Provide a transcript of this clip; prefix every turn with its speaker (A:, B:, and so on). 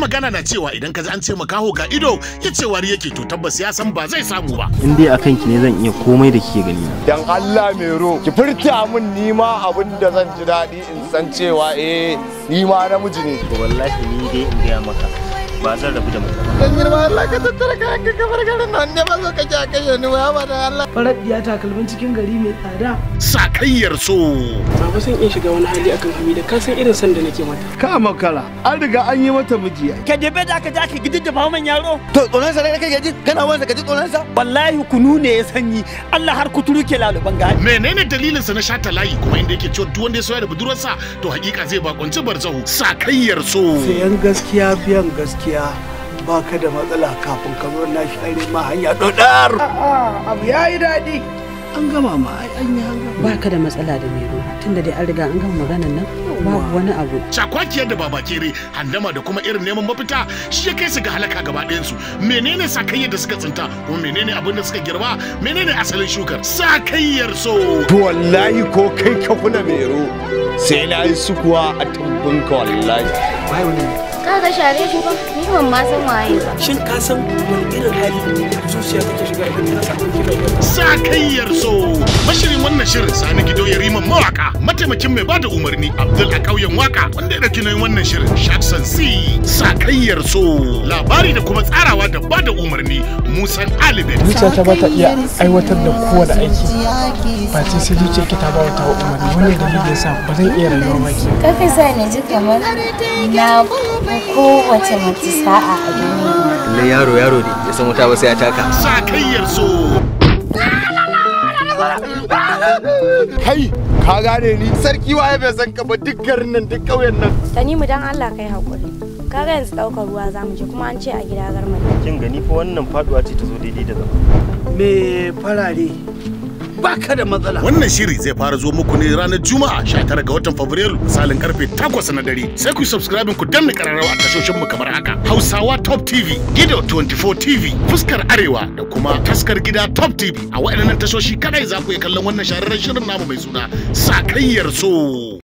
A: magana na cewa idan ka ji an ce makaho ga ido ya ce wari yake to tabbas ya san ba zai samu ba in dai akan ki ne zan iya komai da kike gani dan Allah mai ro ki furta min nima abin da zan ji daɗi in san cewa eh nima namiji ne wallahi ni dai in ga maka ba zan rabu da mutum dan girma Allah ka tattara kayan ka kamar garin nan ne ba zo ka ja kai ni ba ba da Allah farar diya takalmin cikin gari mai tsada sakayyar so baba san in shiga wani hali akan Hamida ka san irin san da nake mata ka makara an riga an yi mata miji ka debe da ka ja ka gidi da baman yaro to tsoron sa ne kake ji kana wansa ka ji tsoron sa wallahi kunu ne ya sanyi Allah har kuturu ke laluban gari menene dalilin sa na shata layi kuma inda yake cewa duk wanda ya soya da budurarsa to hakika zai bakunci barzahu sakayyar so sayan gaskiya biyan gaskiya gaskiya ba ka da matsala kafin ka zo na share ma hanya dodar abu ya yi daɗi an gama ma ai an yi hanga ba ka da matsala da mero tun tunda dai an riga an gama maganar nan babu wani abu shakwakiyar da baba kere handama da kuma irin neman mafita shi ya kai su ga halaka gaba ɗayan su menene sakayyar da suka tsinta ko menene abin da suka girba menene asalin shukar sakayyar so to wallahi ko kai ka kula mero sai na yi kuwa a ka wallahi bai wani za ka share shi ba ni ban ma san waye ba shin ka san wani irin hali zuciya take shiga idan ta sa kira kayyar so wannan shirin Sani Gido ya riman mawaka mataimakin mai bada umarni Abdul a ƙauyen waka wanda ya ɗauki nauyin wannan shirin si sa sakayyar so labari da kuma tsarawa da bada umarni musan Alibe. Zuciya ta bata iya aiwatar da da aiki ba ce sai zuciya ki ta ba wata umarni wannan dalilin sa ba zan iya rayuwa ba ke. Kaka sa ne ji kamar na kowace mace sa'a a duniya. Lallai yaro yaro ne ya san wata ba sai ya taka. Sakayyar so Kai, ka gane ni sarki waye bai san ka ba duk garin nan duk ƙauyen nan. Tanimu dan Allah kai hakuri. Kaga yanzu ɗaukar ruwa za mu je kuma an ce a gida garman. Kin gani fa wannan faduwa ce ta zo daidai da zama. Me farare baka da matsala wannan shiri zai fara zo muku ne ranar juma'a 19 ga watan fabrairu misalin karfe 8 na dare sai ku subscribe ku danna kararrawa a tashoshin mu kamar haka hausawa top tv gida 24 tv fuskar arewa da kuma taskar gida top tv a waɗannan tashoshi kadai za ku iya kallon wannan shahararren shirin namu mai suna sakayyar so